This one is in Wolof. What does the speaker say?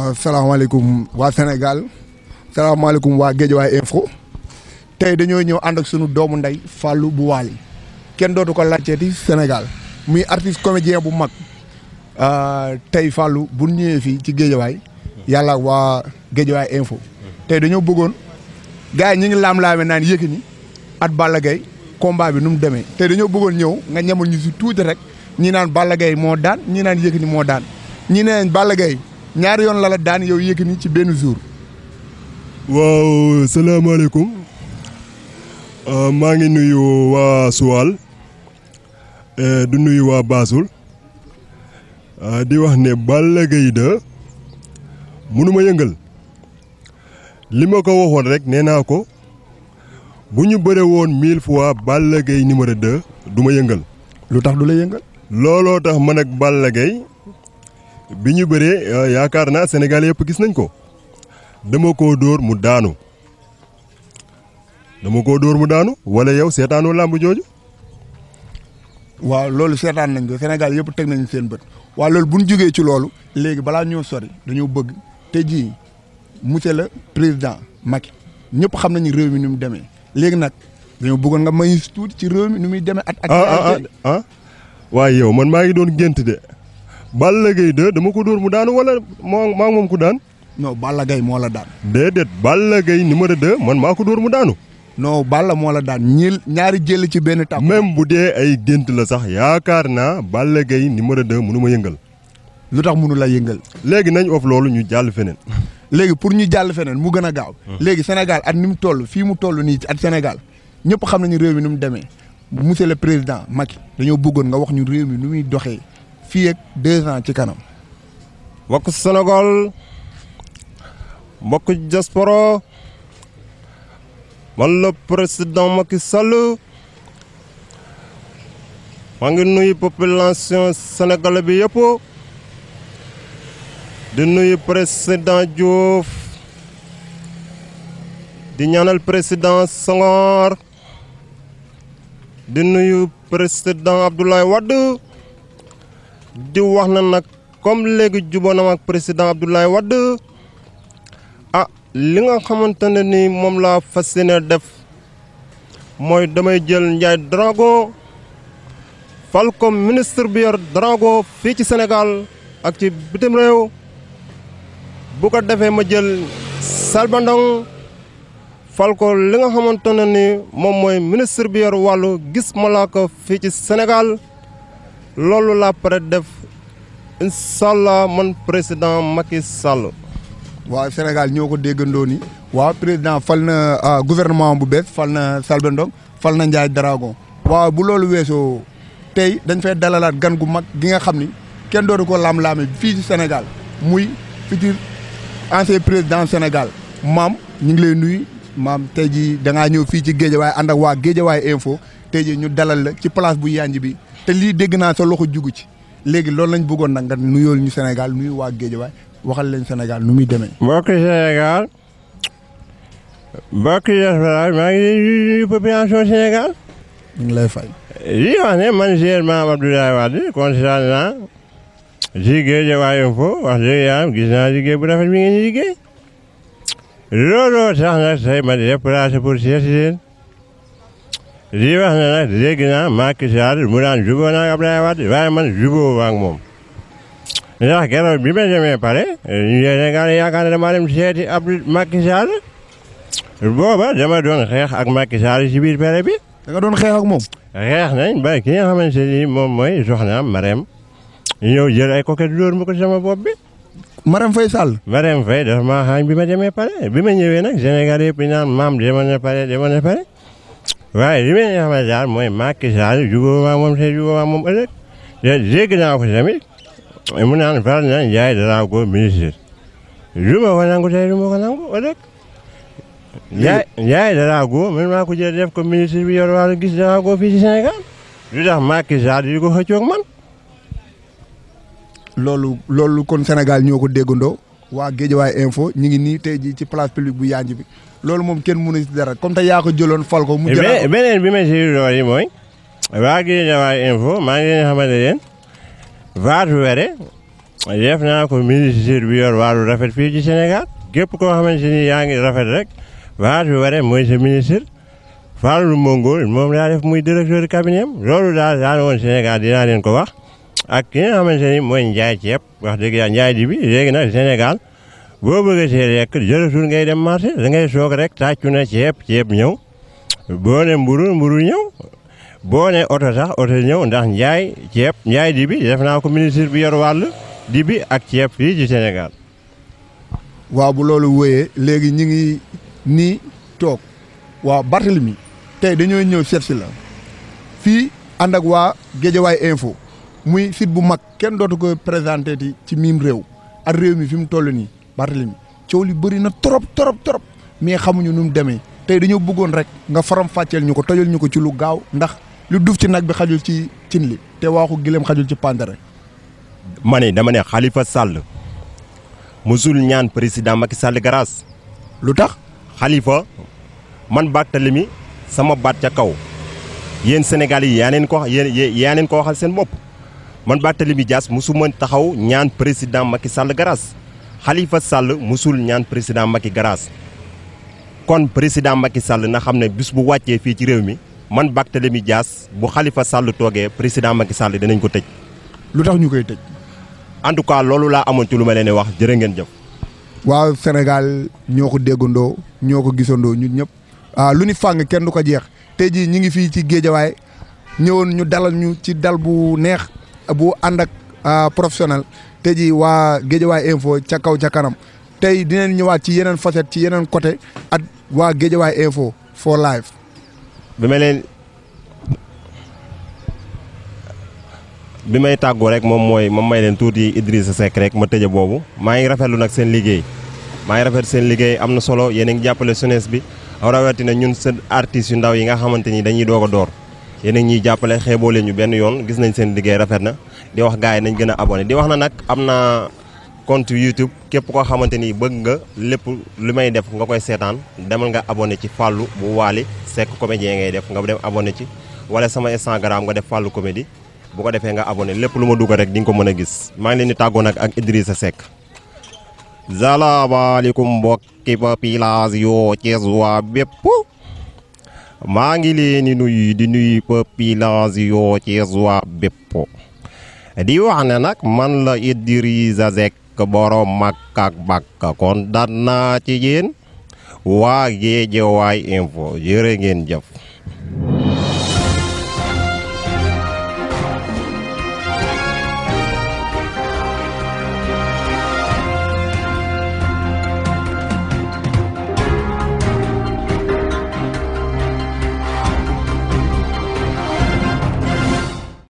waaw euh, salaamaaleykum waa Sénégal salaamaaleykum waa Guédiawaye info tey dañoo ñëw ànd ak sunu doomu ndey Fallou bu Waly kenn dootu ko laajteeti senegal muy artiste comédien bu mag euh, tey Fallou bu ñëwee fii ci Guédiawaye yàlla waa Guédiawaye info tey dañoo bëggoon gars yi ñu laam-laame naan Yékini at Balla Gaye combat bi nu mu demee tey dañoo bëggoon ñëw nga ñamal ñu si tuuti rek ñi naan Balla Gaye moo daan ñi naan Yékini moo daan ñi neen Balla Gaye ñaari yoon la la daan yow ni ci benn jour. waaw salaamaaleykum euh, maa ngi nuyu waa Suwal euh, du nuyu waa Baasul euh, di wax ne Balla Gaye 2 mënuma yëngal li ma ko waxoon rek nee naa ko bu ñu bare woon mille fois Balla Gaye numéro 2 du ma yëngal. lu tax du la yëngal. looloo tax mën ak Balla Gaye bi ñu bëree euh, yaakaar naa Sénégal yëpp gis nañ ko dama ko dóor mu daanu dama ko dóor mu daanu wala yow seetaanoo làmb jooju. waaw loolu seetaan nañ ko Sénégal yëpp teg nañ seen bët waaw loolu bu ñu jógee ci loolu léegi balaa ñoo sori dañoo bëgg te jii monsieur le président Macky ñëpp xam nañu réew mi ni demee léegi nag dañoo bëggoon nga may ci réew mi ni muy demee. at ak ah, ah, ah, ah waaye yow man maa ngi doon gént de. la Gaye 2 dama ko dóor mu daanu wala moo maa moom ko daan. non Balla Gaye moo la daan. déedéet Balla Gaye numéro 2 man maa ko dóor mu daanu. non Balla moo la daan ñiil ñaari jël ci benn tàpp. même bu dee ay gént la sax yaakaar naa Balla Gaye numéro 2 mënu ma yëngal. lu tax mënu la yëngal. léegi nañ of loolu ñu jàll feneen. léegi pour ñu jàll feneen mu gën a gaaw. Hmm. léegi Sénégal at ni mu toll fii mu toll nii at Sénégal ñëpp xam nañu réew mi ni mu demee monsieur le président Macky dañoo bëggoon nga wax ñu réew mi nu muy doxee. fii ak deux ans ci kanam. mbokk Sénégal mbokk diaspora man la président Macky Sall maa nuyu population sénégalaise bi yëpp di nuyu président Diouf di ñaanal président Senghor di nuyu président Abdoulaye Wade. di wax na nag comme léegi juboo na ak président Abdoulaye Wade ah li nga xamante ne ni moom laa fas yéene def mooy damay jël Ndiaye Drago fal ko ministre bi yor Drago fii ci senegal ak ci bitim réew bu ko defee ma jël Salba falko li nga xamante ni moom mooy ministre bi yor wàllu gis malaaka fii ci senegal loolu laa pare def incha man président Macky Sall. waaw Sénégal ñëw ko déggandoo ni waaw président fal na ah, gouvernement bu bees fal na Selbé Ndom fal na Ndiaye Dragon. waaw bu loolu weesoo tey dañ fay dalalaat gan gu mag gi nga xam ni kenn dootu ko laam-laame fii ci Sénégal muy futur ancien président Sénégal maam ñu ngi lay nuyu maam tey jii da ñëw fii ci Géejawaay ànd ak waa Géejawaay info. tey ñu dalal la ci place bu yanj bi te li dégg na sa loxo jugu ci léegi loolu lañ bëggoon nak nga nuyol ñu Sénégal nuyu waa Géejawaay waxal leen Sénégal nu muy démé mbokki Sénégal mbokki diaspora maa ngi nuyu population Sénégal. ñu ngi lay fay. yi wax ne man Cheikh Mame Abdoulaye na kontaan naa si yu Infos wax dëgg yàlla gis naa liggéey bu rafet bi ngeen di liggéey looloo tax nag tey ma di déplacé pour ci leen Liebhanar, Regina, Makisar, Muran, Jubana, Ablavat, Varman, Jubu, Wangmum. Nach Gerald Bibel में पड़े ये गाने या गाने हमारे मुझे अब माकिसार वो बार जब दोन खैर अग माकिसार शिविर पहले भी अगर दोन खैर अगमो खैर नहीं बाय क्या हमें से मोमोई जोहना मरेम यो जरा को के दूर मुको जमा बॉबी मरेम फैसल मरेम फैसल मां हां भी में पड़े भी में ये ना जने गारे पिना माम जमने पड़े जमने पड़े waaye li may xamal daal mooy Macky Sall jubóoma moom see jubóoma moom ëllëg te dégg naa ko tamit mu naan far na Ndiaye danaa ko ministre lu ma ko nangu ko nangu ëllëg Ndiaye Ndiaye danaa ko man maa ko yor wàllu gis danaa ko fii ci Sénégal lu tax Macky Sall man loolu loolu kon Sénégal ñoo ko waa Géejawaay info ñu ngi nii tey jii ci place publique bu yaanj bi loolu moom kenn mënu si dara comme te yaa ko jëloon fal ko. mu eh jëlaat eh bi ma si yi mooy. waa Géejawaay info maa ngi leen xamante ne Vate Were def naa ko ministre bi yor wàllu rafet fii ci Sénégal képp koo xamante ni yaa ngi rafet rek Vate Were mooy sa ministre. Fallou Mongol moom daa def muy directeur cabinet am loolu daal daal woon Sénégal dinaa leen ko wax. ak ki nga xamante ni mooy njaay ceeb wax dëgg yàlla njaay di bi léegi nag Sénégal boo bëggee see lekk jërëtul ngay dem marché da ngay soog rek tàccu na ceeb ceeb ñëw boo ne mburu mburu ñëw boo ne oto sax oto ñëw ndax njaay ceeb njaay di bi def naa ko ministre bi yor wàll di ak ceeb fii ci Sénégal waaw bu loolu wóyee léegi ñi ngi nii toog waa Barthélemy tey dañoo ñëw seet si la fii ànd ak waa Guédiawaye fu muy site bu mag kenn dootu ko présenté di ci mim réew ak réew mi fi mu toll nii Barthélemy coow li bëri na trop trop trop mais xamuñu nu mu demee tey dañoo rek nga faram fàcceel ñu ko tojal ñu ko ci lu gaaw ndax lu duuf ci nag bi xajul ci cin li te waaxu xajul ci pandare mané dama né Khalifa Sall musul ñaan président Macky Sall grâce lu Khalifa man batalimi sama bat ca kaw yeen Sénégal yi yaa ko yéen ko waxal seen bopp man Barthélémy Dias musuma taxaw ñaan président Macky Sall grâce Khalifa Sall musul ñaan président Macky garas kon président Macky Sall na xam ne bis bu wàccee fii ci réew mi man Barthélémy Dias bu Khalifa Sall toogee président Macky Sall dinañ ko tëj lu tax ñu koy tëj en tout cas loolu laa amoon ci lu ma leen wax jërë ngeen jëf wa Sénégal ñoo ko déggandoo ñoo ñun ñëpp ah lu ni fàng kenn du jeex tey ñi ngi fii ci géejawaay ñëwoon ñu dalal ñu ci dal bu neex bu ànd ak ah, professionnel tey jii waa Géejawaay info ca kaw ca kanam tey dinañ ñëwaat ci yeneen facette ci yeneen côté ak waa Géejawaay info for life. bi ma leen bi may tàggoo rek moom mooy moom may leen tuuti Idrissa Seck rek ma tëje boobu maa ngi nag seen liggéey maa ngi rafet seen liggéey am na solo yéen a ngi jàppale jeunesse bi rawatina ñun seen artistes yu ndaw yi nga xamante ni dañuy doog a door. yéen a ñuy jàppale xeeboo leen ñu benn yoon gis nañ seen liggéey rafet na di wax gars yi nañ gën a abonné di wax na nag am na compte YouTube képp koo xamante ni bëgg nga lépp lu may def nga koy seetaan demal nga abonné ci Fallou bu Waly Seck comédien ngay def nga dem abonné ci wala sama Instagram nga def Fallou comédie bu ko defee nga abonné lépp lu ma dugg rek di ko mën a gis maa ngi leen di tàggoo nag ak Idrissa Seck salaamaaleykum mbokki population Thiès waa bépp maa ngi leen di nuyu di nuyu population Thiessois bépp di wax ne nag man la Idrissa Seck borom Makk ak Bakk kon daan ci yéen waa Guédiawaye info yëre ngeen jëf